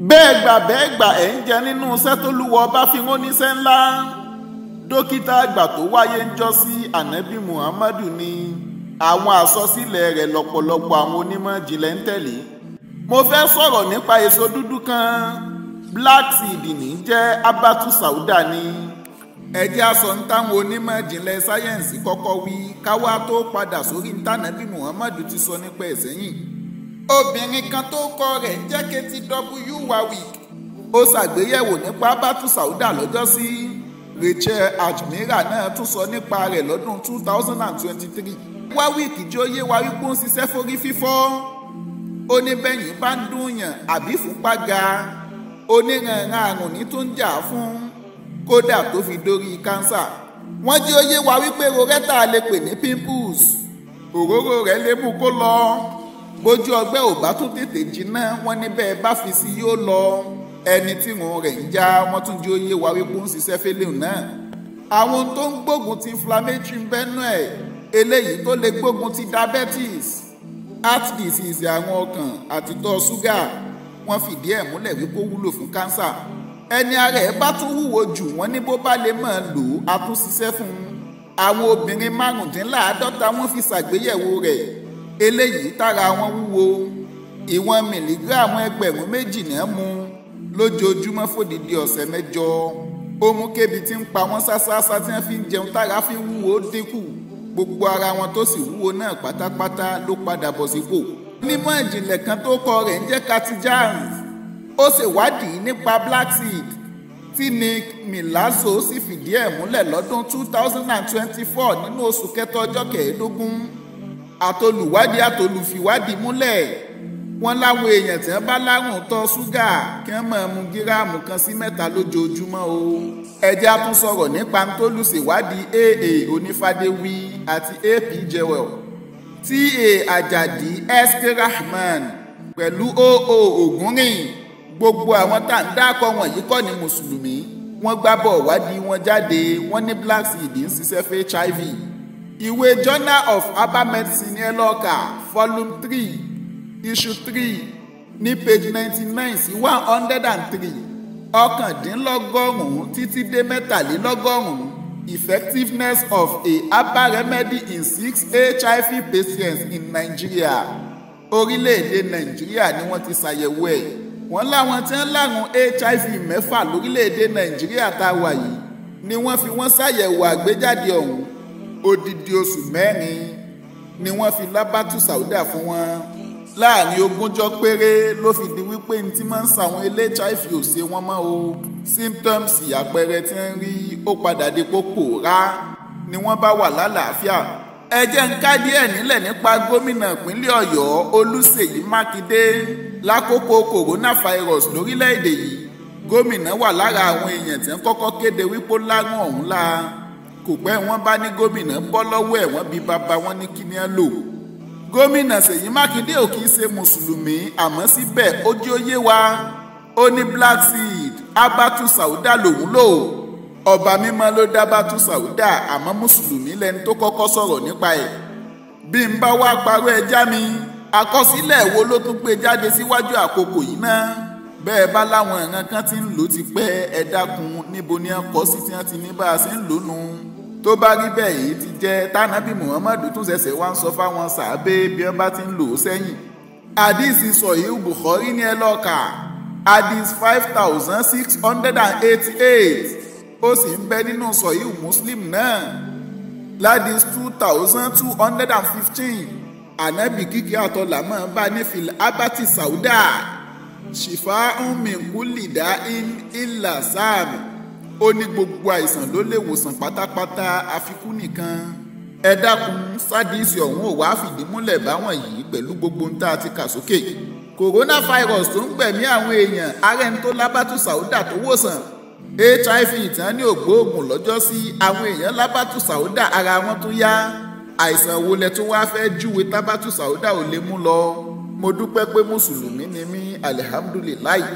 bẹ́ẹ̀ gbà bẹ́ẹ̀ gbà ẹ̀ ń jẹ nínú iṣẹ́ tó lúwọ bá fi hàn níṣẹ́ ńlá dókítà àgbà tó wáyé ń jọ sí ànábì muhammadu ni àwọn àsọsílẹ̀ rẹ̀ lọ́pọ̀lọpọ̀ àwọn onímọ̀ jìnlẹ̀ ń tẹ̀lé mo fẹ́ sọ̀rọ̀ nípa èso dúdú kan black seed ní jẹ́ abatu sauda ni ẹ jẹ́ a sọ ń táwọn onímọ̀ jìnlẹ̀ sáyẹ́ǹsì kọ́kọ́ wí káwá tó padà sórí ń tànábì muhammadu ti sọ nípa ẹ̀ sẹ́yìn obìnrin kan tó kọ rẹ̀ jẹ́ Katie W. Warwick ó ṣàgbéyẹ̀wò nípa bátú sàúdà lọ́jọ́sí Rachel Ajmira náà tún sọ nípa rẹ̀ lọ́dún two thousand and twenty-three Warwick jẹ́ oyé wa wípé ń ṣiṣẹ́ forí fífọ́ ó ní bẹ́yìn bá ń dùnyàn àbí fúnpá ga oníranran àrùn ní tó ń jà fún kódà tó fi dórí kánsà wọ́n jẹ́ oyé wa wípé rorẹ́tà lè pè ní pimples òróró rẹ̀ lè mú kó lọ bójú ọgbẹ́ ò bá tún tètè jiná wọ́n ní bẹ́ẹ̀ bá fi sí yóò lọ ẹni tí wọn rẹ̀ ń já wọ́n tún jí oyé wa wípé ń ṣiṣẹ́ fẹ́lẹ́ náà àwọn tó ń gbógun ti inflammatory bẹ́nu ẹ̀ eléyìí tó lè gbógun ti diabetes heart disease àwọn ọkàn àtìtọ́ ṣúgà wọ́n fìdí ẹ̀ múlẹ̀ wípé ó wúlò fún kánsà ẹni ara ẹ̀ bá tún wúwo jù wọ́n ní bó bá lè máa lò ó a tún ṣiṣẹ́ fún un àwọn obìnrin márùndínláàádọ́ta wọ́n fi ṣàgbéyẹ̀wò rẹ̀ eléyìí tára wọn wúwo ìwọ̀n mìlígíráàmù ẹgbẹ̀rún méjì náà mu lójoojúmọ́ fòdìdí ọ̀sẹ̀ mẹ́jọ ó mú kébi tí ń pa wọ́n sásáásá tí wọ́n fi ń jẹun tára fi wúwo dínkù gbogbo ara wọn tó sì wúwo náà pátápátá ló padà bọ̀ sípò. onímọ̀ ìjìnlẹ̀ kan tó kọ rẹ̀ ń jẹ́ Cathy Jones ó ṣèwádìí nípa black seed tí Nick Milazzo sì fìdí ẹ̀ múlẹ̀ lọ́dún two thousand and twenty four nínú oṣù kẹta ọjọ́ kẹẹ̀ẹ́dógún àtolùwádìí àtolùfìwádìí múlẹ̀ wọ́n láwọn èèyàn tí wọ́n bá lárùn tọ́ ṣúgà kí wọ́n máa mu gíráàmù kan sí mẹ́ta lójoojúmọ́ o ẹjẹ́ á tún sọ̀rọ̀ nípa ntólùṣèwádìí aa onífàdéwì àti ap jewel ta ajadi sk rahman pẹ̀lú oo ògúnrìn gbogbo àwọn tá à ń dákọ̀ wọ̀nyí kọ́ ni mùsùlùmí wọ́n gbábọ̀ wádìí wọn jáde wọ́n ní black seed ń ṣiṣẹ́ fẹ́ hiv ìwé journal of herbal medicine ẹ volume three issue three ní page ninety nine sí one hundred and three ọ̀kàndínlọ́gọ́rùn-ún títí dé mẹ́tàlélọ́gọ́rùn-ún effectiveness of a herbal remedy in six HIV patients in Nigeria orílẹ̀-èdè Nigeria, ni wọ́n ti ṣàyẹ̀wò ẹ̀ wọ́n láwọn tí ń lárùn HIV mẹ́fà lórílẹ̀-èdè Nigeria tá a wà yìí ni wọ́n fi wọ́n ṣàyẹ̀wò àgbéjáde ọ̀hún odidi oṣù mẹ́rin ni wọ́n fi lábátù sàúdà fún wọn láàrin ogúnjọ́ péré ló fi di wípé ní tí máa ń sàwọn hiv ò ṣe wọ́n mọ́ o symptoms àpẹẹrẹ tí ń rí ó padà di kókó rá ni wọ́n bá wà lálàáfíà ẹ jẹ́ ń ká díẹ̀ nílẹ̀ nípa gómìnà ìpínlẹ̀ ọ̀yọ́ olúṣèyí mákindé lákòókò coronavirus lórílẹ̀‐èdè yìí gómìnà wà lára àwọn èèyàn tí ń kọ́kọ́ kéde wípé lágùn ọ̀hún la kò pẹ́ wọ́n bá ní gómìnà bọ́ lọ́wọ́ ẹ̀ wọ́n bí bàbá wọn ní kíní á lò gómìnà Ṣèyí Mákindé ò kì í ṣe mùsùlùmí àmọ́ síbẹ̀ ó jẹ́ wa ó ní black seed abatu sauda lòun lò ọba mímọ́ ló dá abatu sauda àmọ́ mùsùlùmí lẹni tó kọ́kọ́ sọ̀rọ̀ nípa ẹ̀ bí n bá wá parọ́ ẹja mi àkọsílẹ̀ wo ló tún gbé jáde síwájú àkókò yìí náà bẹ́ẹ̀ bá láwọn ìran kan ti ń lò ó ti pẹ́ ẹ dákun níbo ni a sí tí wọ́n ti ní bá a ṣe ń lò nù tó bá rí bẹ́ẹ̀ yìí ti jẹ́ tànàbí muhammadu tún ṣẹ̀ṣẹ̀ wá ń sọ fáwọn sàábé bí wọ́n bá ti ń lò ó sẹ́yìn àdìsí sọ̀yìn bukhari ní ẹlọ́ọ̀kà àdìs five thousand six hundred and eighty-eight ó sì ń bẹ nínú sọ̀yìn muslim náà ládìs two thousand two hundred and fifteen ànábì kíkẹ́ àtọ́là máa ń bá ní fìlà abati sauda shifa umin kulli in illa sáàmì ó ní gbogbo àìsàn ló lè wòsàn pátápátá àfikún nìkan ẹ dákun sádìsì ọ̀hún ò wá fìdí múlẹ̀ báwọn yìí pẹ̀lú gbogbo ohun tá a ti kà sókè yìí coronavirus tó ń gbẹ̀mí àwọn èèyàn ààrẹ ń tó lábàtú sàúdà tó wòsàn hiv ìtàn ní ògbóògùn lọ́jọ́ sí àwọn èèyàn lábàtú sàúdà ara wọn tó yá àìsàn wo lẹ tún wáá fẹ́ẹ́ júwe tábàtú sàúdà ò lè mú lọ mo dúpẹ́ pé mùsùlùmí ni mí alihamudulilayi